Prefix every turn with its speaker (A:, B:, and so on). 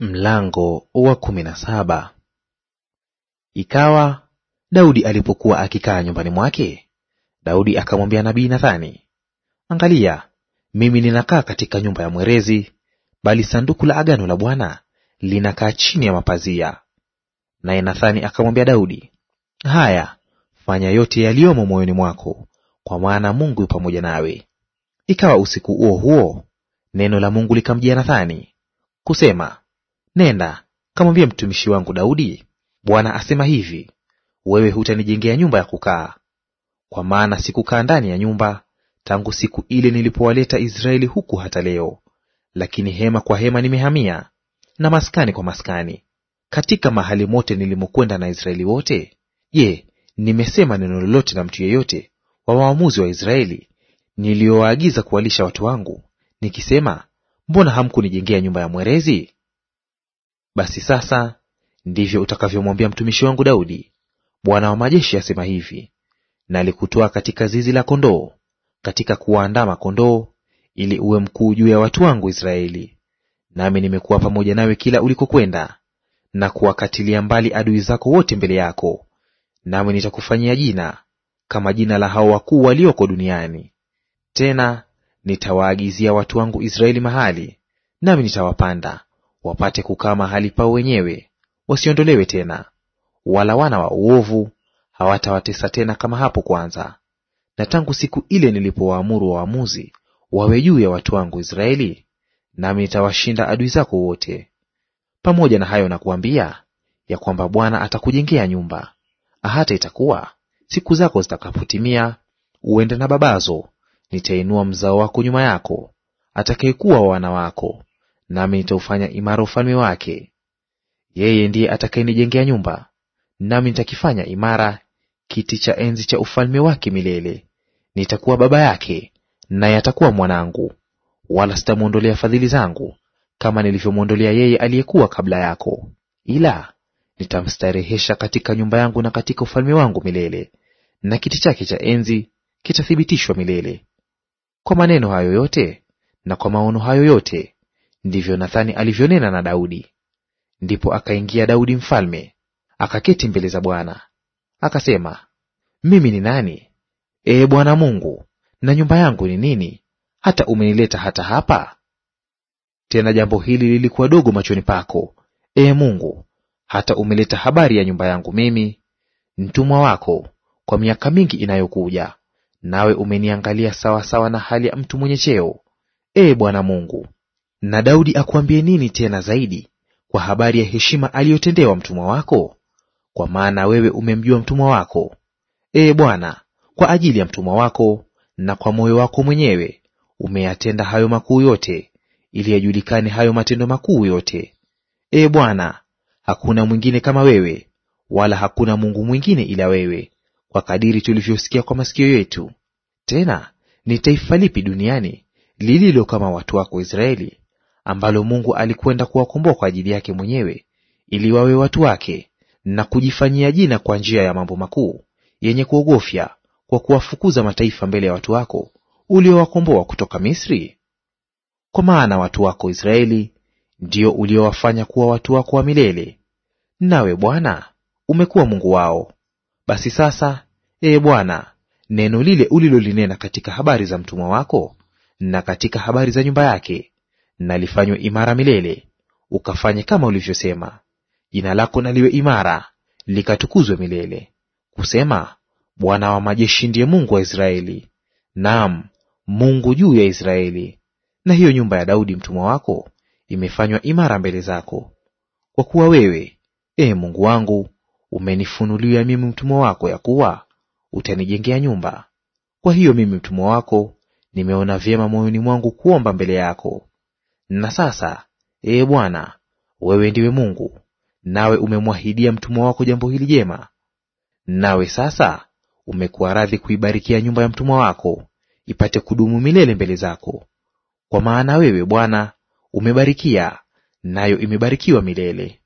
A: Mlango wa kumi na saba. Ikawa Daudi alipokuwa akikaa nyumbani mwake, Daudi akamwambia nabii Nathani, Angalia, mimi ninakaa katika nyumba ya mwerezi, bali sanduku la agano la Bwana linakaa chini ya mapazia. Naye Nathani akamwambia Daudi, Haya, fanya yote yaliyomo moyoni mwako, kwa maana Mungu yu pamoja nawe. Ikawa usiku huo huo neno la Mungu likamjia Nathani kusema Nenda kamwambie mtumishi wangu Daudi, Bwana asema hivi, wewe hutanijengea nyumba ya kukaa, kwa maana sikukaa ndani ya nyumba tangu siku ile nilipowaleta Israeli huku hata leo, lakini hema kwa hema nimehamia, na maskani kwa maskani. Katika mahali mote nilimokwenda na Israeli wote, je, nimesema neno lolote na mtu yeyote wa waamuzi wa Israeli niliyowaagiza kuwalisha watu wangu, nikisema, mbona hamkunijengea nyumba ya mwerezi? Basi sasa ndivyo utakavyomwambia mtumishi wangu Daudi, Bwana wa majeshi asema hivi, nalikutoa katika zizi la kondoo, katika kuwaandama kondoo, ili uwe mkuu juu ya watu wangu Israeli. Nami nimekuwa pamoja nawe kila ulikokwenda, na kuwakatilia mbali adui zako wote mbele yako, nami nitakufanyia jina kama jina la hao wakuu walioko duniani. Tena nitawaagizia watu wangu Israeli mahali, nami nitawapanda wapate kukaa mahali pao wenyewe, wasiondolewe tena; wala wana wa uovu hawatawatesa tena kama hapo kwanza. Na tangu siku ile nilipowaamuru waamuzi wawe juu ya watu wangu Israeli, nami nitawashinda adui zako wote. Pamoja na hayo nakuambia ya kwamba Bwana atakujengea nyumba. Hata itakuwa siku zako zitakapotimia, uende na babazo, nitainua mzao wako nyuma yako, atakayekuwa wana wako nami nitaufanya imara ufalme wake. Yeye ndiye atakayenijengea nyumba, nami nitakifanya imara kiti cha enzi cha ufalme wake milele. Nitakuwa baba yake, naye atakuwa mwanangu, wala sitamwondolea fadhili zangu kama nilivyomwondolea yeye aliyekuwa kabla yako, ila nitamstarehesha katika nyumba yangu na katika ufalme wangu milele, na kiti chake cha enzi kitathibitishwa milele. Kwa maneno hayo yote na kwa maono hayo yote Ndivyo Nathani alivyonena na Daudi. Ndipo akaingia Daudi mfalme, akaketi mbele za Bwana. Akasema, mimi ni nani, ee Bwana Mungu, na nyumba yangu ni nini, hata umenileta hata hapa? Tena jambo hili lilikuwa dogo machoni pako, ee Mungu, hata umeleta habari ya nyumba yangu mimi mtumwa wako kwa miaka mingi inayokuja, nawe umeniangalia sawasawa na hali ya mtu mwenye cheo, ee Bwana Mungu. Na Daudi akuambie nini tena zaidi kwa habari ya heshima aliyotendewa mtumwa wako? Kwa maana wewe umemjua mtumwa wako, Ee Bwana, kwa ajili ya mtumwa wako na kwa moyo wako mwenyewe umeyatenda hayo makuu yote, ili yajulikane hayo matendo makuu yote. Ee Bwana, hakuna mwingine kama wewe, wala hakuna Mungu mwingine ila wewe, kwa kadiri tulivyosikia kwa masikio yetu. Tena ni taifa lipi duniani lililo kama watu wako Israeli, ambalo Mungu alikwenda kuwakomboa kwa ajili yake mwenyewe ili wawe watu wake, na kujifanyia jina kwa njia ya mambo makuu yenye kuogofya, kwa kuwafukuza mataifa mbele ya watu wako uliowakomboa kutoka Misri? Kwa maana watu wako Israeli ndio uliowafanya kuwa watu wako wa milele, nawe Bwana umekuwa Mungu wao. Basi sasa, ee Bwana, neno lile ulilolinena katika habari za mtumwa wako na katika habari za nyumba yake na lifanywe imara milele, ukafanye kama ulivyosema. Jina lako na liwe imara, likatukuzwe milele, kusema, Bwana wa majeshi ndiye Mungu wa Israeli, naam, Mungu juu ya Israeli. Na hiyo nyumba ya Daudi mtumwa wako imefanywa imara mbele zako. Kwa kuwa wewe, e Mungu wangu, umenifunulia mimi mtumwa wako ya kuwa utanijengea nyumba. Kwa hiyo mimi mtumwa wako nimeona vyema moyoni mwangu kuomba mbele yako. Na sasa, Ee Bwana, wewe ndiwe Mungu, nawe umemwahidia mtumwa wako jambo hili jema. Nawe sasa umekuwa radhi kuibarikia nyumba ya mtumwa wako, ipate kudumu milele mbele zako. Kwa maana wewe Bwana umebarikia, nayo imebarikiwa milele.